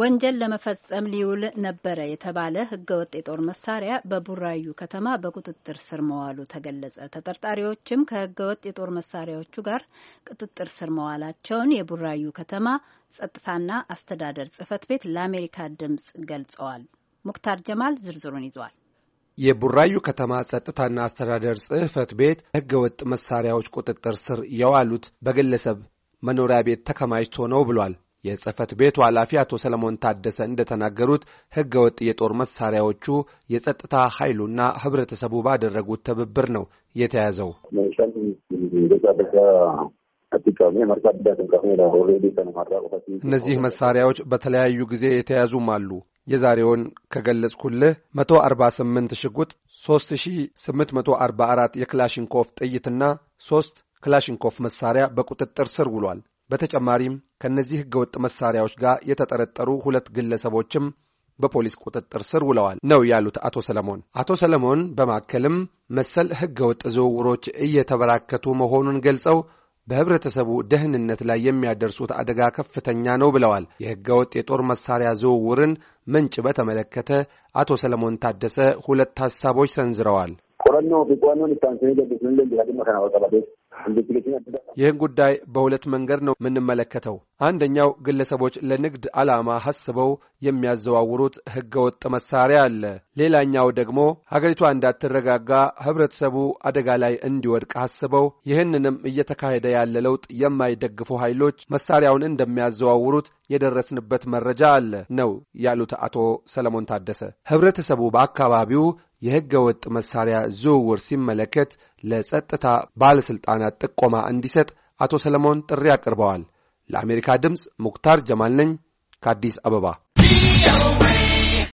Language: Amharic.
ወንጀል ለመፈጸም ሊውል ነበረ የተባለ ህገወጥ የጦር መሳሪያ በቡራዩ ከተማ በቁጥጥር ስር መዋሉ ተገለጸ። ተጠርጣሪዎችም ከህገወጥ የጦር መሳሪያዎቹ ጋር ቁጥጥር ስር መዋላቸውን የቡራዩ ከተማ ጸጥታና አስተዳደር ጽህፈት ቤት ለአሜሪካ ድምጽ ገልጸዋል። ሙክታር ጀማል ዝርዝሩን ይዟል። የቡራዩ ከተማ ጸጥታና አስተዳደር ጽህፈት ቤት ህገወጥ መሳሪያዎች ቁጥጥር ስር የዋሉት በግለሰብ መኖሪያ ቤት ተከማችቶ ነው ብሏል። የጽህፈት ቤቱ ኃላፊ አቶ ሰለሞን ታደሰ እንደተናገሩት ሕገ ወጥ የጦር መሳሪያዎቹ የጸጥታ ኃይሉና ህብረተሰቡ ባደረጉት ትብብር ነው የተያዘው። እነዚህ መሳሪያዎች በተለያዩ ጊዜ የተያዙም አሉ። የዛሬውን ከገለጽኩልህ 148 ሽጉጥ፣ 3844 የክላሽንኮፍ ጥይትና ሦስት ክላሽንኮፍ መሳሪያ በቁጥጥር ስር ውሏል። በተጨማሪም ከእነዚህ ህገወጥ መሳሪያዎች ጋር የተጠረጠሩ ሁለት ግለሰቦችም በፖሊስ ቁጥጥር ስር ውለዋል ነው ያሉት አቶ ሰለሞን። አቶ ሰለሞን በማከልም መሰል ህገወጥ ዝውውሮች እየተበራከቱ መሆኑን ገልጸው በህብረተሰቡ ደህንነት ላይ የሚያደርሱት አደጋ ከፍተኛ ነው ብለዋል። የህገወጥ የጦር መሳሪያ ዝውውርን ምንጭ በተመለከተ አቶ ሰለሞን ታደሰ ሁለት ሀሳቦች ሰንዝረዋል። ይህን ጉዳይ በሁለት መንገድ ነው የምንመለከተው። አንደኛው ግለሰቦች ለንግድ ዓላማ አስበው የሚያዘዋውሩት ሕገወጥ መሳሪያ አለ። ሌላኛው ደግሞ ሀገሪቷ እንዳትረጋጋ፣ ህብረተሰቡ አደጋ ላይ እንዲወድቅ አስበው ይህንንም እየተካሄደ ያለ ለውጥ የማይደግፉ ኃይሎች መሳሪያውን እንደሚያዘዋውሩት የደረስንበት መረጃ አለ ነው ያሉት አቶ ሰለሞን ታደሰ። ህብረተሰቡ በአካባቢው የሕገ ወጥ መሣሪያ ዝውውር ሲመለከት ለጸጥታ ባለሥልጣናት ጥቆማ እንዲሰጥ አቶ ሰለሞን ጥሪ አቅርበዋል። ለአሜሪካ ድምፅ ሙክታር ጀማል ነኝ ከአዲስ አበባ።